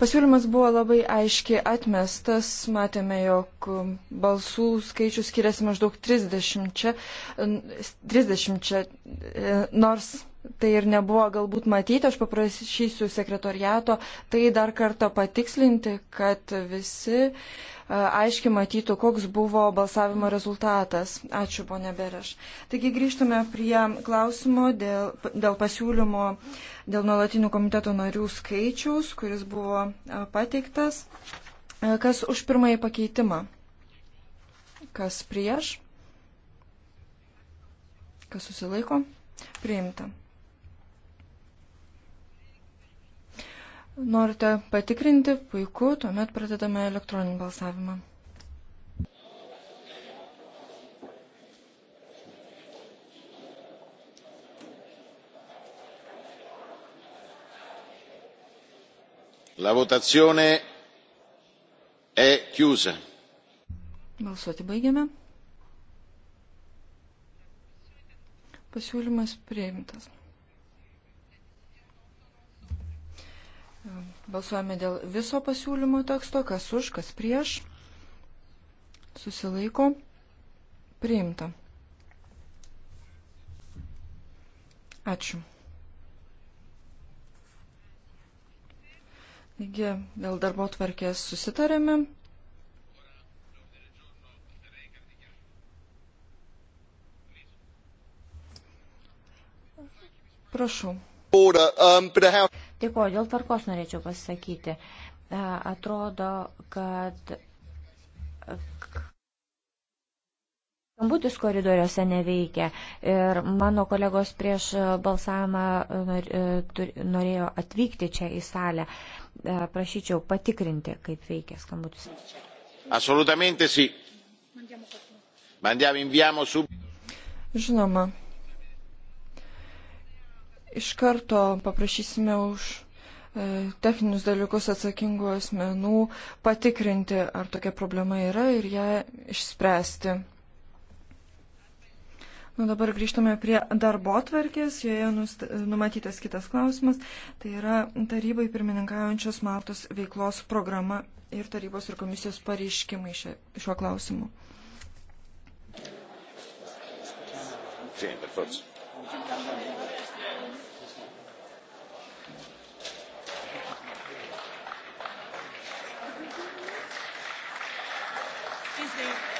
Pasiūlymas buvo labai aiškiai atmestas, matėme, jog balsų skaičius skiriasi maždaug 30, 30 e, nors tai ir nebuvo galbūt matyti, aš paprašysiu sekretoriato tai dar kartą patikslinti, kad visi e, aiškiai matytų, koks buvo balsavimo rezultatas. Ačiū, ponė Bereš. Taigi grįžtume prie klausimo dėl, dėl pasiūlymo dėl nuolatinių komiteto narių skaičiaus, kuris buvo e, pateiktas. E, kas už pirmąjį pakeitimą? Kas prieš? Kas susilaiko? Priimta. Norite patikrinti? Puiku, tuomet pradedame elektroninį balsavimą. La votazione è chiusa. Balsuoti baigiame. Pasiūlymas priimtas. Balsuojame dėl viso pasiūlymo teksto, kas už, kas prieš. Susilaiko. Priimta. Ačiū. Taigi, dėl darbo tvarkės susitarėme. Prašau. Order, um, but how... Dėkuoju, tai dėl tvarkos norėčiau pasakyti. E, atrodo, kad skambutis koridoriuose neveikia. Ir mano kolegos prieš balsavimą e, norėjo atvykti čia į salę. E, prašyčiau patikrinti, kaip veikia skambutis. Absolutamente sì. Mandiamo, inviamo subito. Žinoma, iš karto paprašysime už e, techninius dalykus atsakingų asmenų patikrinti, ar tokia problema yra ir ją išspręsti. Nu, dabar grįžtame prie darbo tvarkės, joje nust, numatytas kitas klausimas, tai yra tarybai pirmininkaujančios Maltos veiklos programa ir tarybos ir komisijos pareiškimai šia, šiuo klausimu. Sì, per forza. Tuesday.